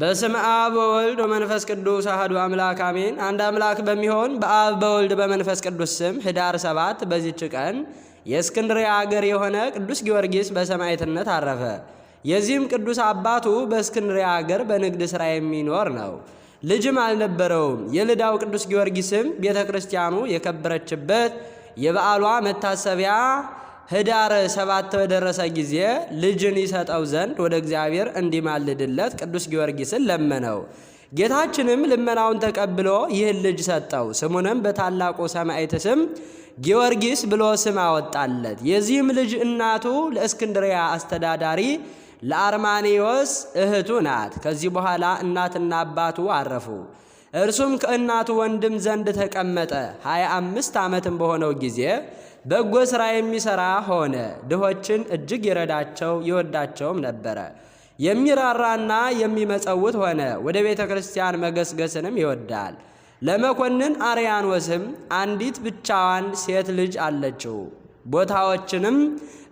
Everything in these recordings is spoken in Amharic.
በስም አብ ወወልድ ወመንፈስ ቅዱስ አህዱ አምላክ አሜን። አንድ አምላክ በሚሆን በአብ በወልድ በመንፈስ ቅዱስ ስም ህዳር ሰባት በዚች ቀን የእስክንድርያ አገር የሆነ ቅዱስ ጊዮርጊስ በሰማዕትነት አረፈ። የዚህም ቅዱስ አባቱ በእስክንድርያ አገር በንግድ ሥራ የሚኖር ነው። ልጅም አልነበረውም። የልዳው ቅዱስ ጊዮርጊስም ቤተ ክርስቲያኑ የከበረችበት የበዓሏ መታሰቢያ ህዳር ሰባት በደረሰ ጊዜ ልጅን ይሰጠው ዘንድ ወደ እግዚአብሔር እንዲማልድለት ቅዱስ ጊዮርጊስን ለመነው። ጌታችንም ልመናውን ተቀብሎ ይህን ልጅ ሰጠው። ስሙንም በታላቁ ሰማዕት ስም ጊዮርጊስ ብሎ ስም አወጣለት። የዚህም ልጅ እናቱ ለእስክንድሪያ አስተዳዳሪ ለአርማኒዎስ እህቱ ናት። ከዚህ በኋላ እናትና አባቱ አረፉ። እርሱም ከእናቱ ወንድም ዘንድ ተቀመጠ። ሃያ አምስት ዓመትም በሆነው ጊዜ በጎ ሥራ የሚሠራ ሆነ። ድሆችን እጅግ ይረዳቸው ይወዳቸውም ነበረ። የሚራራና የሚመጸውት ሆነ። ወደ ቤተ ክርስቲያን መገስገስንም ይወዳል። ለመኮንን አርያኖስም አንዲት ብቻዋን ሴት ልጅ አለችው። ቦታዎችንም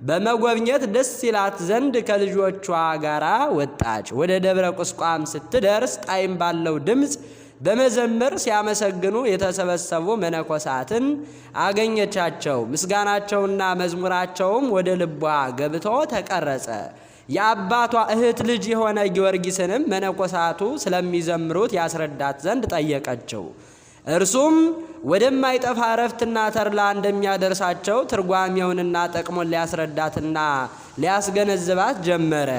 በመጎብኘት ደስ ይላት ዘንድ ከልጆቿ ጋር ወጣች። ወደ ደብረ ቁስቋም ስትደርስ ጣይም ባለው ድምፅ በመዘመር ሲያመሰግኑ የተሰበሰቡ መነኮሳትን አገኘቻቸው። ምስጋናቸውና መዝሙራቸውም ወደ ልቧ ገብቶ ተቀረጸ። የአባቷ እህት ልጅ የሆነ ጊዮርጊስንም መነኮሳቱ ስለሚዘምሩት ያስረዳት ዘንድ ጠየቀችው። እርሱም ወደማይጠፋ እረፍትና ተድላ እንደሚያደርሳቸው ትርጓሜውንና ጠቅሞን ሊያስረዳትና ሊያስገነዝባት ጀመረ።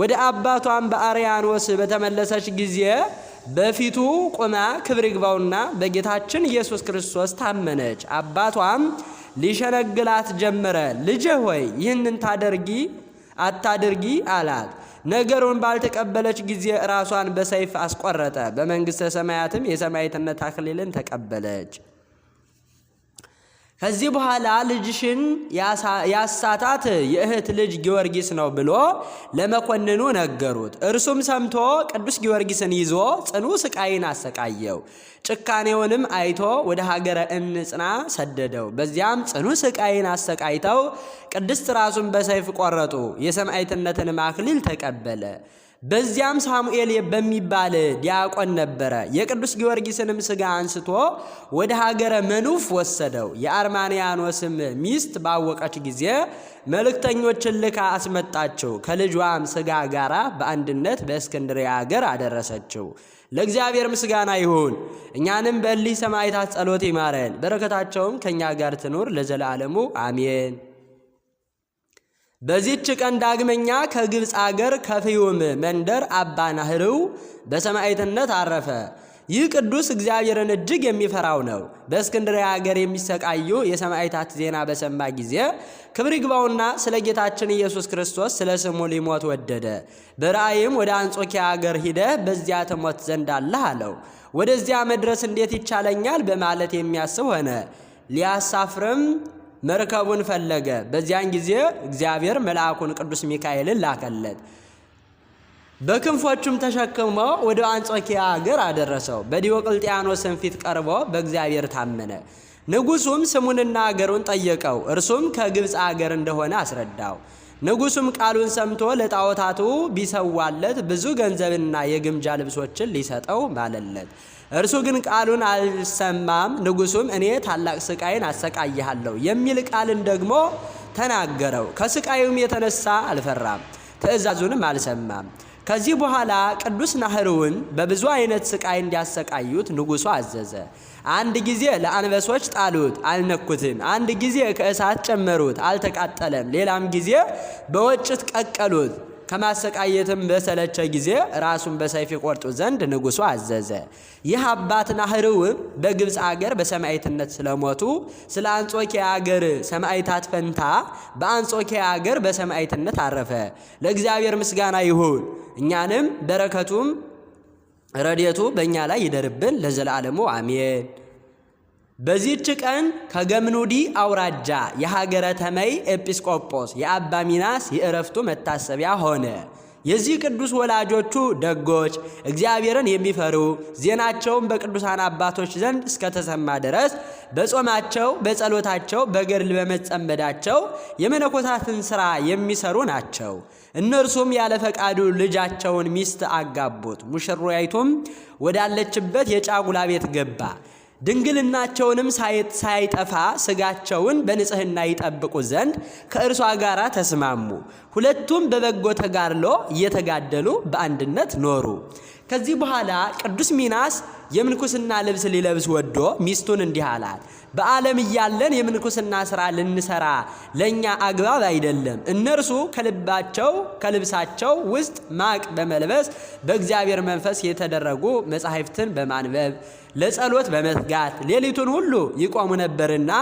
ወደ አባቷን በአርያኖስ በተመለሰች ጊዜ በፊቱ ቆማ ክብር ይግባውና በጌታችን ኢየሱስ ክርስቶስ ታመነች። አባቷም ሊሸነግላት ጀመረ። ልጄ ሆይ ይህንን ታደርጊ አታድርጊ አላት። ነገሩን ባልተቀበለች ጊዜ ራሷን በሰይፍ አስቆረጠ። በመንግሥተ ሰማያትም የሰማዕትነት አክሊልን ተቀበለች። ከዚህ በኋላ ልጅሽን ያሳታት የእህት ልጅ ጊዮርጊስ ነው ብሎ ለመኮንኑ ነገሩት። እርሱም ሰምቶ ቅዱስ ጊዮርጊስን ይዞ ጽኑ ስቃይን አሰቃየው። ጭካኔውንም አይቶ ወደ ሀገረ እንጽና ሰደደው። በዚያም ጽኑ ስቃይን አሰቃይተው ቅድስት ራሱን በሰይፍ ቆረጡ። የሰማዕትነትን አክሊል ተቀበለ። በዚያም ሳሙኤል በሚባል ዲያቆን ነበረ። የቅዱስ ጊዮርጊስንም ስጋ አንስቶ ወደ ሀገረ መኑፍ ወሰደው። የአርማንያኖስም ሚስት ባወቀች ጊዜ መልእክተኞችን ልካ አስመጣችው። ከልጇም ስጋ ጋራ በአንድነት በእስክንድርያ አገር አደረሰችው። ለእግዚአብሔር ምስጋና ይሁን። እኛንም በእሊህ ሰማዕታት ጸሎት ይማረን፣ በረከታቸውም ከእኛ ጋር ትኑር ለዘላለሙ አሜን። በዚህች ቀን ዳግመኛ ከግብፅ አገር ከፍዩም መንደር አባ ናህርው በሰማዕትነት አረፈ። ይህ ቅዱስ እግዚአብሔርን እጅግ የሚፈራው ነው። በእስክንድርያ ሀገር የሚሰቃዩ የሰማዕታት ዜና በሰማ ጊዜ ክብር ይግባውና ስለ ጌታችን ኢየሱስ ክርስቶስ ስለ ስሙ ሊሞት ወደደ። በራእይም ወደ አንጾኪያ ሀገር ሂደህ በዚያ ትሞት ዘንድ አለህ አለው። ወደዚያ መድረስ እንዴት ይቻለኛል በማለት የሚያስብ ሆነ። ሊያሳፍርም መርከቡን ፈለገ። በዚያን ጊዜ እግዚአብሔር መልአኩን ቅዱስ ሚካኤልን ላከለት። በክንፎቹም ተሸክሞ ወደ አንጾኪያ አገር አደረሰው። በዲዮቅልጥያኖስን ፊት ቀርቦ በእግዚአብሔር ታመነ። ንጉሱም ስሙንና አገሩን ጠየቀው። እርሱም ከግብፅ አገር እንደሆነ አስረዳው። ንጉሱም ቃሉን ሰምቶ ለጣዖታቱ ቢሰዋለት ብዙ ገንዘብና የግምጃ ልብሶችን ሊሰጠው ማለለት። እርሱ ግን ቃሉን አልሰማም። ንጉሱም እኔ ታላቅ ስቃይን አሰቃይሃለሁ የሚል ቃልን ደግሞ ተናገረው። ከስቃዩም የተነሳ አልፈራም፣ ትእዛዙንም አልሰማም። ከዚህ በኋላ ቅዱስ ናህርውን በብዙ አይነት ስቃይ እንዲያሰቃዩት ንጉሱ አዘዘ። አንድ ጊዜ ለአንበሶች ጣሉት፣ አልነኩትም። አንድ ጊዜ ከእሳት ጨመሩት፣ አልተቃጠለም። ሌላም ጊዜ በወጭት ቀቀሉት። ከማሰቃየትም በሰለቸ ጊዜ ራሱን በሰይፍ ይቆርጡ ዘንድ ንጉሡ አዘዘ። ይህ አባት ናህርው በግብፅ አገር በሰማዕትነት ስለሞቱ ስለ አንጾኪያ አገር ሰማዕታት ፈንታ በአንጾኪያ አገር በሰማዕትነት አረፈ። ለእግዚአብሔር ምስጋና ይሁን። እኛንም በረከቱም ረድኤቱ በእኛ ላይ ይደርብን ለዘላለሙ አሜን። በዚህች ቀን ከገምኑዲ አውራጃ የሀገረ ተመይ ኤጲስቆጶስ የአባ ሚናስ የእረፍቱ መታሰቢያ ሆነ። የዚህ ቅዱስ ወላጆቹ ደጎች፣ እግዚአብሔርን የሚፈሩ ዜናቸውን በቅዱሳን አባቶች ዘንድ እስከተሰማ ድረስ በጾማቸው፣ በጸሎታቸው፣ በገድል በመጸመዳቸው የመነኮሳትን ሥራ የሚሰሩ ናቸው። እነርሱም ያለ ፈቃዱ ልጃቸውን ሚስት አጋቡት። ሙሽሮያይቱም ወዳለችበት የጫጉላ ቤት ገባ። ድንግልናቸውንም ሳይጠፋ ስጋቸውን በንጽህና ይጠብቁ ዘንድ ከእርሷ ጋር ተስማሙ። ሁለቱም በበጎ ተጋድሎ እየተጋደሉ በአንድነት ኖሩ። ከዚህ በኋላ ቅዱስ ሚናስ የምንኩስና ልብስ ሊለብስ ወዶ ሚስቱን እንዲህ አላት። በዓለም እያለን የምንኩስና ሥራ ልንሰራ ለእኛ አግባብ አይደለም። እነርሱ ከልባቸው ከልብሳቸው ውስጥ ማቅ በመልበስ በእግዚአብሔር መንፈስ የተደረጉ መጻሕፍትን በማንበብ ለጸሎት በመትጋት ሌሊቱን ሁሉ ይቆሙ ነበርና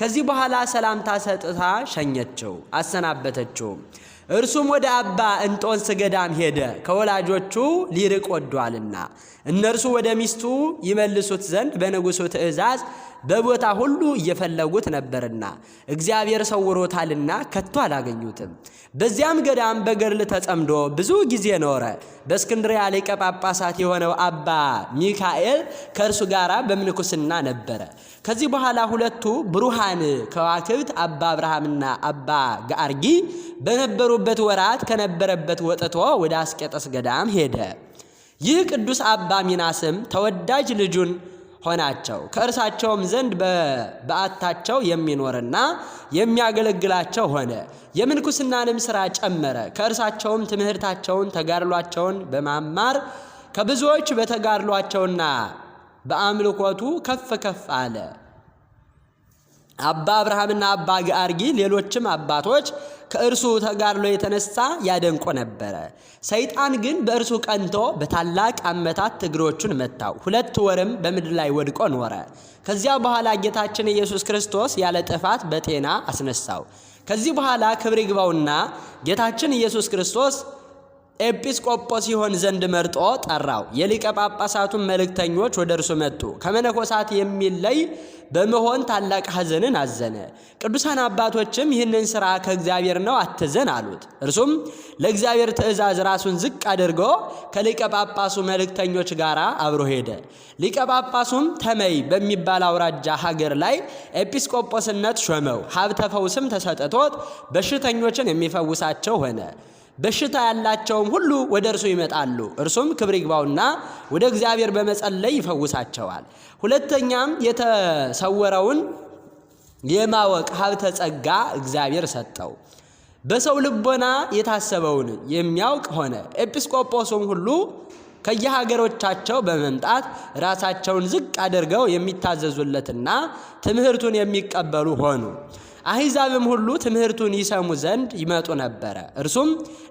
ከዚህ በኋላ ሰላምታ ሰጥታ ሸኘችው፣ አሰናበተችውም። እርሱም ወደ አባ እንጦንስ ገዳም ሄደ፣ ከወላጆቹ ሊርቅ ወዷልና። እነርሱ ወደ ሚስቱ ይመልሱት ዘንድ በንጉሡ ትእዛዝ በቦታ ሁሉ እየፈለጉት ነበርና እግዚአብሔር ሰውሮታልና ከቶ አላገኙትም። በዚያም ገዳም በገርል ተጸምዶ ብዙ ጊዜ ኖረ። በእስክንድርያ ሊቀ ጳጳሳት የሆነው አባ ሚካኤል ከእርሱ ጋር በምንኩስና ነበረ። ከዚህ በኋላ ሁለቱ ብሩሃን ከዋክብት አባ አብርሃምና አባ ጋርጊ በነበሩበት ወራት ከነበረበት ወጥቶ ወደ አስቄጠስ ገዳም ሄደ። ይህ ቅዱስ አባ ሚናስም ተወዳጅ ልጁን ሆናቸው። ከእርሳቸውም ዘንድ በአታቸው የሚኖርና የሚያገለግላቸው ሆነ። የምንኩስናንም ሥራ ጨመረ። ከእርሳቸውም ትምህርታቸውን፣ ተጋድሏቸውን በማማር ከብዙዎች በተጋድሏቸውና በአምልኮቱ ከፍ ከፍ አለ። አባ አብርሃምና አባ ጋርጊ ሌሎችም አባቶች ከእርሱ ተጋድሎ የተነሳ ያደንቆ ነበረ። ሰይጣን ግን በእርሱ ቀንቶ በታላቅ አመታት እግሮቹን መታው። ሁለት ወርም በምድር ላይ ወድቆ ኖረ። ከዚያ በኋላ ጌታችን ኢየሱስ ክርስቶስ ያለ ጥፋት በጤና አስነሳው። ከዚህ በኋላ ክብር ይግባውና ጌታችን ኢየሱስ ክርስቶስ ኤጲስቆጶስ ይሆን ዘንድ መርጦ ጠራው። የሊቀ ጳጳሳቱን መልእክተኞች ወደ እርሱ መጡ። ከመነኮሳት የሚለይ በመሆን ታላቅ ሐዘንን አዘነ። ቅዱሳን አባቶችም ይህንን ሥራ ከእግዚአብሔር ነው አትዘን አሉት። እርሱም ለእግዚአብሔር ትእዛዝ ራሱን ዝቅ አድርጎ ከሊቀ ጳጳሱ መልእክተኞች ጋር አብሮ ሄደ። ሊቀ ጳጳሱም ተመይ በሚባል አውራጃ ሀገር ላይ ኤጲስቆጶስነት ሾመው። ሀብተ ፈውስም ተሰጥቶት በሽተኞችን የሚፈውሳቸው ሆነ። በሽታ ያላቸውም ሁሉ ወደ እርሱ ይመጣሉ፣ እርሱም ክብር ይግባውና ወደ እግዚአብሔር በመጸለይ ይፈውሳቸዋል። ሁለተኛም የተሰወረውን የማወቅ ሀብተ ጸጋ እግዚአብሔር ሰጠው። በሰው ልቦና የታሰበውን የሚያውቅ ሆነ። ኤጲስቆጶሱም ሁሉ ከየሀገሮቻቸው በመምጣት ራሳቸውን ዝቅ አድርገው የሚታዘዙለትና ትምህርቱን የሚቀበሉ ሆኑ። አሕዛብም ሁሉ ትምህርቱን ይሰሙ ዘንድ ይመጡ ነበረ። እርሱም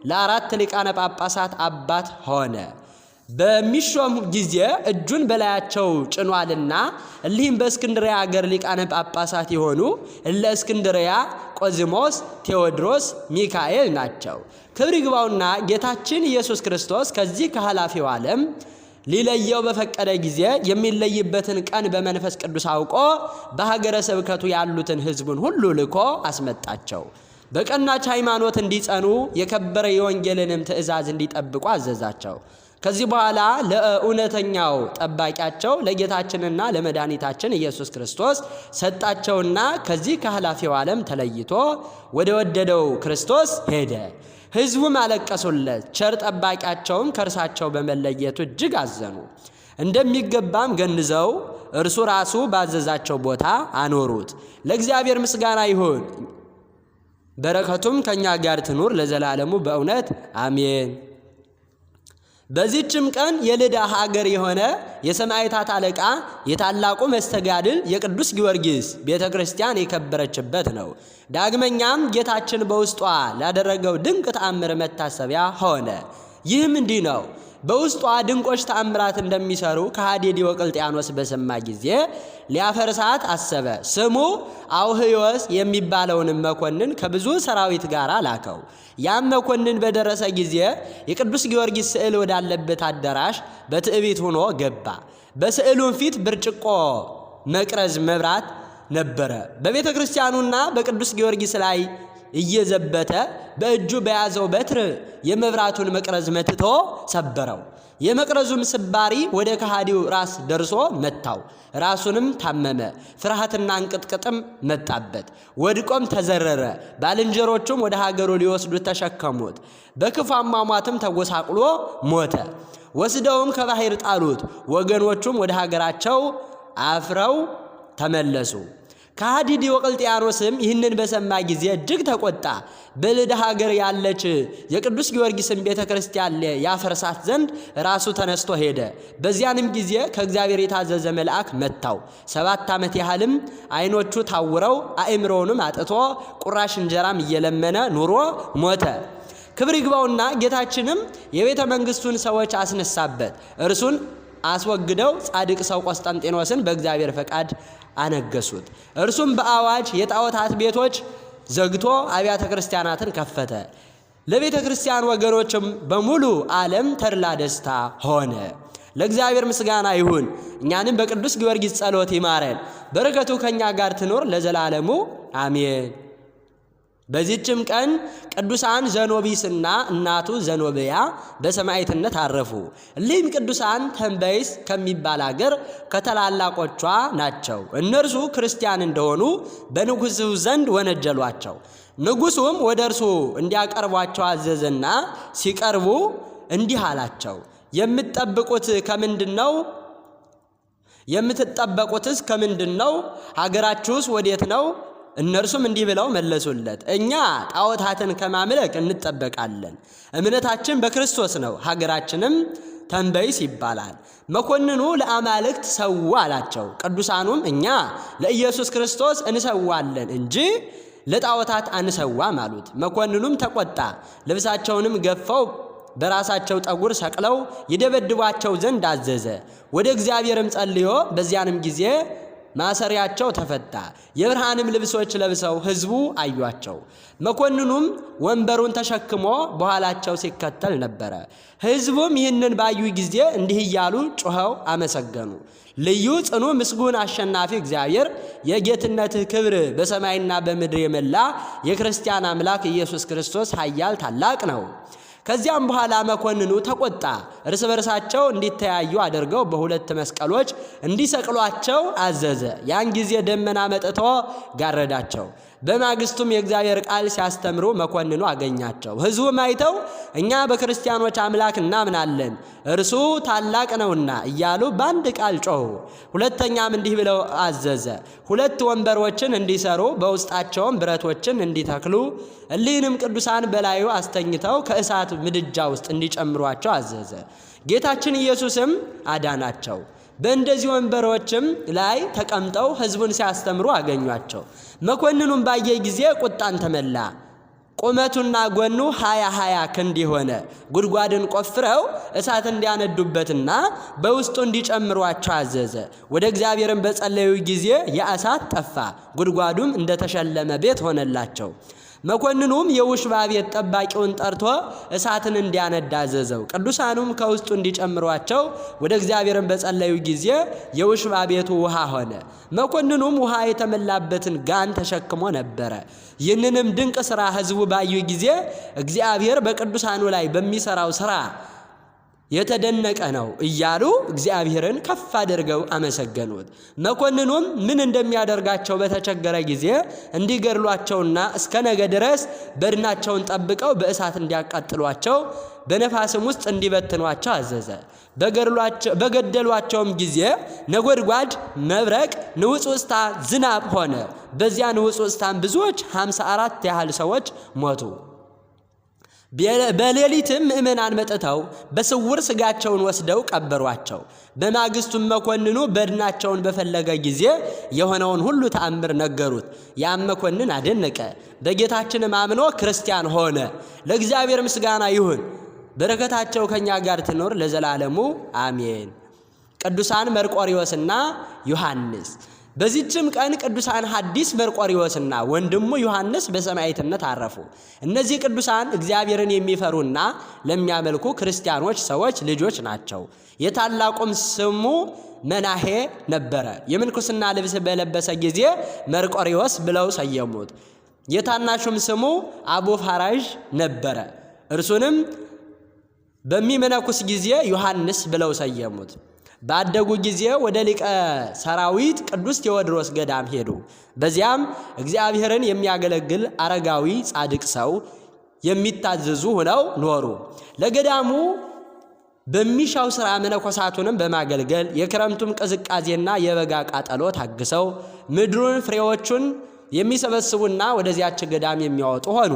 ለአራት ሊቃነ ጳጳሳት አባት ሆነ። በሚሾም ጊዜ እጁን በላያቸው ጭኗልና። እሊህም በእስክንድሪያ አገር ሊቃነ ጳጳሳት የሆኑ እለ እስክንድሪያ ቆዝሞስ፣ ቴዎድሮስ፣ ሚካኤል ናቸው። ክብር ይግባውና ጌታችን ኢየሱስ ክርስቶስ ከዚህ ከኃላፊው ዓለም ሊለየው በፈቀደ ጊዜ የሚለይበትን ቀን በመንፈስ ቅዱስ አውቆ በሀገረ ስብከቱ ያሉትን ሕዝቡን ሁሉ ልኮ አስመጣቸው። በቀናች ሃይማኖት እንዲጸኑ የከበረ የወንጌልንም ትእዛዝ እንዲጠብቁ አዘዛቸው። ከዚህ በኋላ ለእውነተኛው ጠባቂያቸው ለጌታችንና ለመድኃኒታችን ኢየሱስ ክርስቶስ ሰጣቸውና ከዚህ ከኃላፊው ዓለም ተለይቶ ወደ ወደደው ክርስቶስ ሄደ። ሕዝቡም አለቀሱለት። ቸር ጠባቂያቸውም ከእርሳቸው በመለየቱ እጅግ አዘኑ። እንደሚገባም ገንዘው እርሱ ራሱ ባዘዛቸው ቦታ አኖሩት። ለእግዚአብሔር ምስጋና ይሁን፣ በረከቱም ከእኛ ጋር ትኑር ለዘላለሙ በእውነት አሜን። በዚችም ቀን የልዳ ሀገር የሆነ የሰማዕታት አለቃ የታላቁ መስተጋድል የቅዱስ ጊዮርጊስ ቤተ ክርስቲያን የከበረችበት ነው። ዳግመኛም ጌታችን በውስጧ ላደረገው ድንቅ ተአምር መታሰቢያ ሆነ። ይህም እንዲህ ነው። በውስጧ ድንቆች ተአምራት እንደሚሰሩ ከሃዲ ዲዮቅልጥያኖስ በሰማ ጊዜ ሊያፈርሳት አሰበ። ስሙ አውህዮስ የሚባለውንም መኮንን ከብዙ ሰራዊት ጋር ላከው። ያም መኮንን በደረሰ ጊዜ የቅዱስ ጊዮርጊስ ስዕል ወዳለበት አዳራሽ በትዕቢት ሆኖ ገባ። በስዕሉን ፊት ብርጭቆ መቅረዝ መብራት ነበረ። በቤተ ክርስቲያኑና በቅዱስ ጊዮርጊስ ላይ እየዘበተ በእጁ በያዘው በትር የመብራቱን መቅረዝ መትቶ ሰበረው። የመቅረዙም ስባሪ ወደ ከሃዲው ራስ ደርሶ መታው። ራሱንም ታመመ፣ ፍርሃትና እንቅጥቅጥም መጣበት። ወድቆም ተዘረረ። ባልንጀሮቹም ወደ ሀገሩ ሊወስዱት ተሸከሙት። በክፉ አሟሟትም ተጎሳቅሎ ሞተ። ወስደውም ከባሕር ጣሉት። ወገኖቹም ወደ ሀገራቸው አፍረው ተመለሱ። ከሃዲ ዲዮቅልጥያኖስም ይህንን በሰማ ጊዜ እጅግ ተቆጣ። በልድ ሀገር ያለች የቅዱስ ጊዮርጊስን ቤተ ክርስቲያን ያፈርሳት ዘንድ ራሱ ተነስቶ ሄደ። በዚያንም ጊዜ ከእግዚአብሔር የታዘዘ መልአክ መታው። ሰባት ዓመት ያህልም ዓይኖቹ ታውረው አእምሮውንም አጥቶ ቁራሽ እንጀራም እየለመነ ኑሮ ሞተ። ክብር ይግባውና ጌታችንም የቤተ መንግስቱን ሰዎች አስነሳበት እርሱን አስወግደው ጻድቅ ሰው ቆስጠንጤኖስን በእግዚአብሔር ፈቃድ አነገሱት። እርሱም በአዋጅ የጣዖታት ቤቶች ዘግቶ አብያተ ክርስቲያናትን ከፈተ። ለቤተ ክርስቲያን ወገኖችም በሙሉ ዓለም ተድላ ደስታ ሆነ። ለእግዚአብሔር ምስጋና ይሁን። እኛንም በቅዱስ ጊዮርጊስ ጸሎት ይማረን። በረከቱ ከእኛ ጋር ትኖር ለዘላለሙ አሜን። በዚችም ቀን ቅዱሳን ዘኖቢስና እናቱ ዘኖብያ በሰማዕትነት አረፉ። እሊህም ቅዱሳን ተንበይስ ከሚባል አገር ከታላላቆቿ ናቸው። እነርሱ ክርስቲያን እንደሆኑ በንጉሡ ዘንድ ወነጀሏቸው። ንጉሡም ወደ እርሱ እንዲያቀርቧቸው አዘዘና ሲቀርቡ እንዲህ አላቸው፣ የምትጠብቁት ከምንድን ነው? የምትጠበቁትስ ከምንድን ነው? ሀገራችሁስ ወዴት ነው? እነርሱም እንዲህ ብለው መለሱለት፣ እኛ ጣዖታትን ከማምለክ እንጠበቃለን። እምነታችን በክርስቶስ ነው፣ ሀገራችንም ተንበይስ ይባላል። መኮንኑ ለአማልክት ሰዋ አላቸው። ቅዱሳኑም እኛ ለኢየሱስ ክርስቶስ እንሰዋለን እንጂ ለጣዖታት አንሰዋም አሉት። መኮንኑም ተቆጣ። ልብሳቸውንም ገፈው በራሳቸው ጠጉር ሰቅለው ይደበድቧቸው ዘንድ አዘዘ። ወደ እግዚአብሔርም ጸልዮ በዚያንም ጊዜ ማሰሪያቸው ተፈታ። የብርሃንም ልብሶች ለብሰው ሕዝቡ አዩአቸው። መኮንኑም ወንበሩን ተሸክሞ በኋላቸው ሲከተል ነበረ። ሕዝቡም ይህንን ባዩ ጊዜ እንዲህ እያሉ ጮኸው አመሰገኑ። ልዩ ጽኑ ምስጉን አሸናፊ እግዚአብሔር የጌትነትህ ክብር በሰማይና በምድር የመላ የክርስቲያን አምላክ ኢየሱስ ክርስቶስ ኃያል ታላቅ ነው። ከዚያም በኋላ መኮንኑ ተቆጣ። እርስ በርሳቸው እንዲተያዩ አድርገው በሁለት መስቀሎች እንዲሰቅሏቸው አዘዘ። ያን ጊዜ ደመና መጥቶ ጋረዳቸው። በማግስቱም የእግዚአብሔር ቃል ሲያስተምሩ መኮንኑ አገኛቸው። ሕዝቡም አይተው እኛ በክርስቲያኖች አምላክ እናምናለን እርሱ ታላቅ ነውና እያሉ በአንድ ቃል ጮኹ። ሁለተኛም እንዲህ ብለው አዘዘ፣ ሁለት ወንበሮችን እንዲሰሩ በውስጣቸውም ብረቶችን እንዲተክሉ እሊህንም ቅዱሳን በላዩ አስተኝተው ከእሳት ምድጃ ውስጥ እንዲጨምሯቸው አዘዘ። ጌታችን ኢየሱስም አዳናቸው። በእንደዚህ ወንበሮችም ላይ ተቀምጠው ሕዝቡን ሲያስተምሩ አገኟቸው። መኮንኑም ባየ ጊዜ ቁጣን ተመላ። ቁመቱና ጎኑ ሀያ ሀያ ክንድ የሆነ ጉድጓድን ቆፍረው እሳት እንዲያነዱበትና በውስጡ እንዲጨምሯቸው አዘዘ። ወደ እግዚአብሔርን በጸለዩ ጊዜ የእሳት ጠፋ፣ ጉድጓዱም እንደተሸለመ ቤት ሆነላቸው። መኮንኑም የውሽባ ቤት ጠባቂውን ጠርቶ እሳትን እንዲያነዳ አዘዘው። ቅዱሳኑም ከውስጡ እንዲጨምሯቸው ወደ እግዚአብሔርን በጸለዩ ጊዜ የውሽባ ቤቱ ውሃ ሆነ። መኮንኑም ውሃ የተመላበትን ጋን ተሸክሞ ነበረ። ይህንንም ድንቅ ሥራ ሕዝቡ ባዩ ጊዜ እግዚአብሔር በቅዱሳኑ ላይ በሚሠራው ሥራ የተደነቀ ነው እያሉ እግዚአብሔርን ከፍ አድርገው አመሰገኑት። መኮንኑም ምን እንደሚያደርጋቸው በተቸገረ ጊዜ እንዲገድሏቸውና እስከ ነገ ድረስ በድናቸውን ጠብቀው በእሳት እንዲያቃጥሏቸው በነፋስም ውስጥ እንዲበትኗቸው አዘዘ። በገደሏቸውም ጊዜ ነጎድጓድ፣ መብረቅ፣ ንውጽውጽታ፣ ዝናብ ሆነ። በዚያ ንውጽውጽታም ብዙዎች 54 ያህል ሰዎች ሞቱ። በሌሊትም ምእመናን መጥተው በስውር ስጋቸውን ወስደው ቀበሯቸው። በማግስቱም መኮንኑ በድናቸውን በፈለገ ጊዜ የሆነውን ሁሉ ተአምር ነገሩት። ያም መኮንን አደነቀ፣ በጌታችንም አምኖ ክርስቲያን ሆነ። ለእግዚአብሔር ምስጋና ይሁን፣ በረከታቸው ከእኛ ጋር ትኖር ለዘላለሙ አሜን። ቅዱሳን መርቆሪዎስና ዮሐንስ በዚችም ቀን ቅዱሳን ሐዲስ መርቆሪዎስና ወንድሙ ዮሐንስ በሰማዕትነት አረፉ። እነዚህ ቅዱሳን እግዚአብሔርን የሚፈሩና ለሚያመልኩ ክርስቲያኖች ሰዎች ልጆች ናቸው። የታላቁም ስሙ መናሄ ነበረ። የምንኩስና ልብስ በለበሰ ጊዜ መርቆሪዎስ ብለው ሰየሙት። የታናሹም ስሙ አቡ ፋራዥ ነበረ። እርሱንም በሚመነኩስ ጊዜ ዮሐንስ ብለው ሰየሙት። ባደጉ ጊዜ ወደ ሊቀ ሰራዊት ቅዱስ ቴዎድሮስ ገዳም ሄዱ። በዚያም እግዚአብሔርን የሚያገለግል አረጋዊ ጻድቅ ሰው የሚታዘዙ ሆነው ኖሩ። ለገዳሙ በሚሻው ሥራ መነኮሳቱንም በማገልገል የክረምቱም ቅዝቃዜና የበጋ ቃጠሎ ታግሰው ምድሩን ፍሬዎቹን የሚሰበስቡና ወደዚያች ገዳም የሚያወጡ ሆኑ።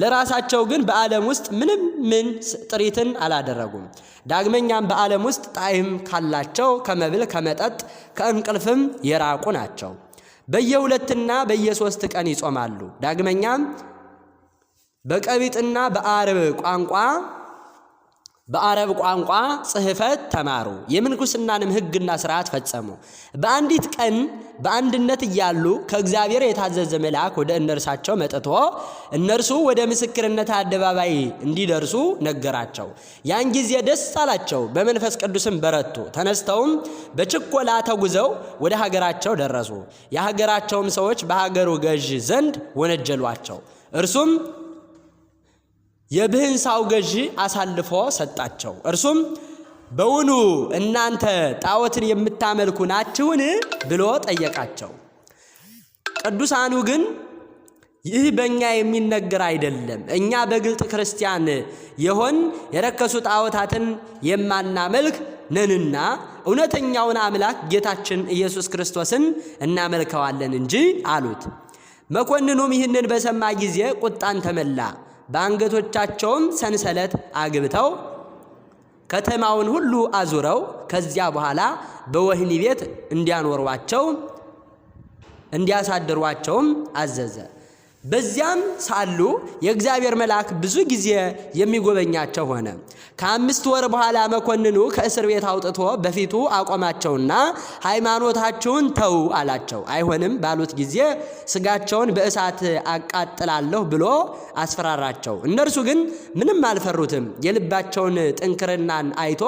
ለራሳቸው ግን በዓለም ውስጥ ምንም ምን ጥሪትን አላደረጉም። ዳግመኛም በዓለም ውስጥ ጣዕም ካላቸው ከመብል ከመጠጥ ከእንቅልፍም የራቁ ናቸው። በየሁለትና በየሶስት ቀን ይጾማሉ። ዳግመኛም በቀቢጥና በአርብ ቋንቋ በአረብ ቋንቋ ጽህፈት ተማሩ። የምንኩስናንም ሕግና ስርዓት ፈጸሙ። በአንዲት ቀን በአንድነት እያሉ ከእግዚአብሔር የታዘዘ መልአክ ወደ እነርሳቸው መጥቶ እነርሱ ወደ ምስክርነት አደባባይ እንዲደርሱ ነገራቸው። ያን ጊዜ ደስ አላቸው፣ በመንፈስ ቅዱስም በረቱ። ተነስተውም በችኮላ ተጉዘው ወደ ሀገራቸው ደረሱ። የሀገራቸውም ሰዎች በሀገሩ ገዥ ዘንድ ወነጀሏቸው። እርሱም የብህንሳው ገዢ አሳልፎ ሰጣቸው። እርሱም በውኑ እናንተ ጣዖትን የምታመልኩ ናችሁን ብሎ ጠየቃቸው። ቅዱሳኑ ግን ይህ በእኛ የሚነገር አይደለም፣ እኛ በግልጥ ክርስቲያን የሆን የረከሱ ጣዖታትን የማናመልክ ነንና እውነተኛውን አምላክ ጌታችን ኢየሱስ ክርስቶስን እናመልከዋለን እንጂ አሉት። መኮንኑም ይህንን በሰማ ጊዜ ቁጣን ተመላ። በአንገቶቻቸውም ሰንሰለት አግብተው ከተማውን ሁሉ አዙረው ከዚያ በኋላ በወህኒ ቤት እንዲያኖሯቸው እንዲያሳድሯቸውም አዘዘ። በዚያም ሳሉ የእግዚአብሔር መልአክ ብዙ ጊዜ የሚጎበኛቸው ሆነ። ከአምስት ወር በኋላ መኮንኑ ከእስር ቤት አውጥቶ በፊቱ አቆማቸውና ሃይማኖታችሁን ተው አላቸው። አይሆንም ባሉት ጊዜ ስጋቸውን በእሳት አቃጥላለሁ ብሎ አስፈራራቸው። እነርሱ ግን ምንም አልፈሩትም። የልባቸውን ጥንክርናን አይቶ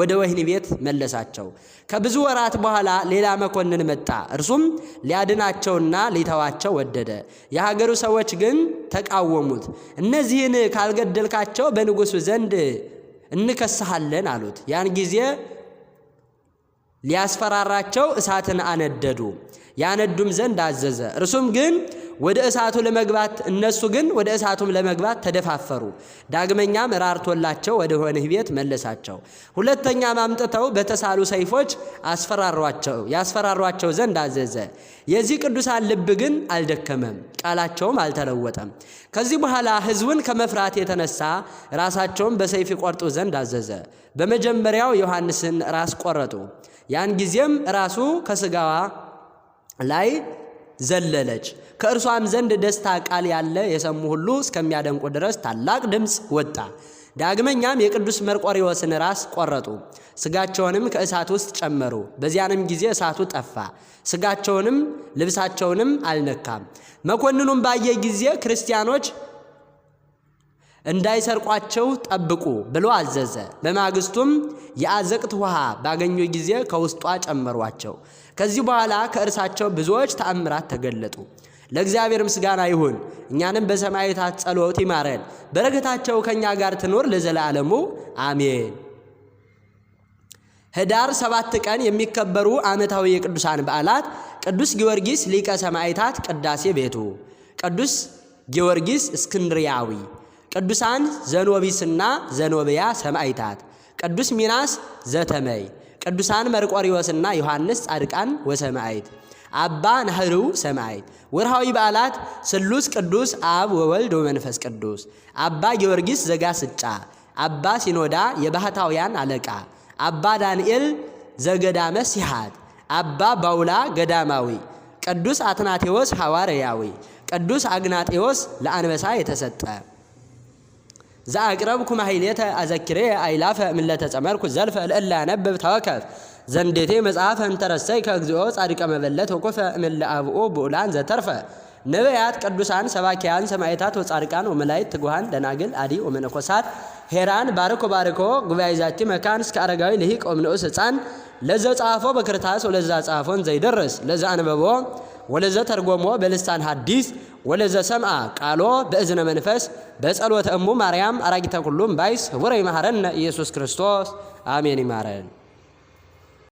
ወደ ወህኒ ቤት መለሳቸው። ከብዙ ወራት በኋላ ሌላ መኮንን መጣ። እርሱም ሊያድናቸውና ሊተዋቸው ወደደ። የሀገሩ ሰዎች ግን ተቃወሙት። እነዚህን ካልገደልካቸው በንጉሡ ዘንድ እንከስሃለን አሉት። ያን ጊዜ ሊያስፈራራቸው እሳትን አነደዱ ያነዱም ዘንድ አዘዘ። እርሱም ግን ወደ እሳቱ ለመግባት እነሱ ግን ወደ እሳቱም ለመግባት ተደፋፈሩ። ዳግመኛም ራርቶላቸው ወደ ወህኒህ ቤት መለሳቸው። ሁለተኛም አምጥተው በተሳሉ ሰይፎች አስፈራሯቸው ያስፈራሯቸው ዘንድ አዘዘ። የዚህ ቅዱሳን ልብ ግን አልደከመም፣ ቃላቸውም አልተለወጠም። ከዚህ በኋላ ህዝቡን ከመፍራት የተነሳ ራሳቸውን በሰይፍ ይቆርጡ ዘንድ አዘዘ። በመጀመሪያው ዮሐንስን ራስ ቆረጡ። ያን ጊዜም ራሱ ከስጋዋ ላይ ዘለለች። ከእርሷም ዘንድ ደስታ ቃል ያለ የሰሙ ሁሉ እስከሚያደንቁ ድረስ ታላቅ ድምፅ ወጣ። ዳግመኛም የቅዱስ መርቆሪዎስን ራስ ቆረጡ፣ ስጋቸውንም ከእሳት ውስጥ ጨመሩ። በዚያንም ጊዜ እሳቱ ጠፋ፣ ስጋቸውንም ልብሳቸውንም አልነካም። መኮንኑም ባየ ጊዜ ክርስቲያኖች እንዳይሰርቋቸው ጠብቁ ብሎ አዘዘ። በማግስቱም የአዘቅት ውሃ ባገኙ ጊዜ ከውስጧ ጨመሯቸው። ከዚህ በኋላ ከእርሳቸው ብዙዎች ተአምራት ተገለጡ። ለእግዚአብሔር ምስጋና ይሁን፣ እኛንም በሰማዕታት ጸሎት ይማረን፣ በረከታቸው ከእኛ ጋር ትኖር ለዘላለሙ አሜን። ህዳር ሰባት ቀን የሚከበሩ ዓመታዊ የቅዱሳን በዓላት ቅዱስ ጊዮርጊስ ሊቀ ሰማዕታት ቅዳሴ ቤቱ፣ ቅዱስ ጊዮርጊስ እስክንድሪያዊ ቅዱሳን ዘኖቢስና ዘኖቢያ ሰማዕታት፣ ቅዱስ ሚናስ ዘተመይ ቅዱሳን መርቆሪዎስና ዮሐንስ ጻድቃን ወሰማይት አባ ናህርው ሰማይት። ወርሃዊ በዓላት ስሉስ ቅዱስ አብ ወወልድ ወመንፈስ ቅዱስ፣ አባ ጊዮርጊስ ዘጋስጫ፣ አባ ሲኖዳ የባህታውያን አለቃ፣ አባ ዳንኤል ዘገዳመ ሲሃት፣ አባ ባውላ ገዳማዊ፣ ቅዱስ አትናቴዎስ ሐዋርያዊ፣ ቅዱስ አግናጤዎስ ለአንበሳ የተሰጠ ዘአቅረብኩ ማሕሌተ አዘኪሬ አይላፈ ምለተ ጸመርኩ ዘልፈ ልእላ ነብብ ተወከፍ ዘንዴቴ መጽሐፈ እንተረሰይ ከእግዚኦ ጻድቀ መበለት ወቆፈ ምለ ብኡላን ዘተርፈ ነቢያት፣ ቅዱሳን፣ ሰባኪያን፣ ሰማይታት ወጻድቃን ወመላይት ትጉሃን፣ ደናግል፣ አዲ ወመነኮሳት ሄራን ባርኮ ባርኮ ጉባኤ ዛቲ መካን እስከ አረጋዊ ልሂቅ ወምንዑስ ህፃን ለዘ ጻፎ በክርታስ ወለዛ ጻፎን ዘይደርስ ለዛ አንበቦ ወለዘ ተርጎሞ በልሳን ሐዲስ ወለዘ ሰምአ ቃሎ በእዝነ መንፈስ በጸሎተ እሙ ማርያም አራጊተ ኩሉም ባይስ ህቡረ ይመሃረነ ኢየሱስ ክርስቶስ አሜን። ይማረን።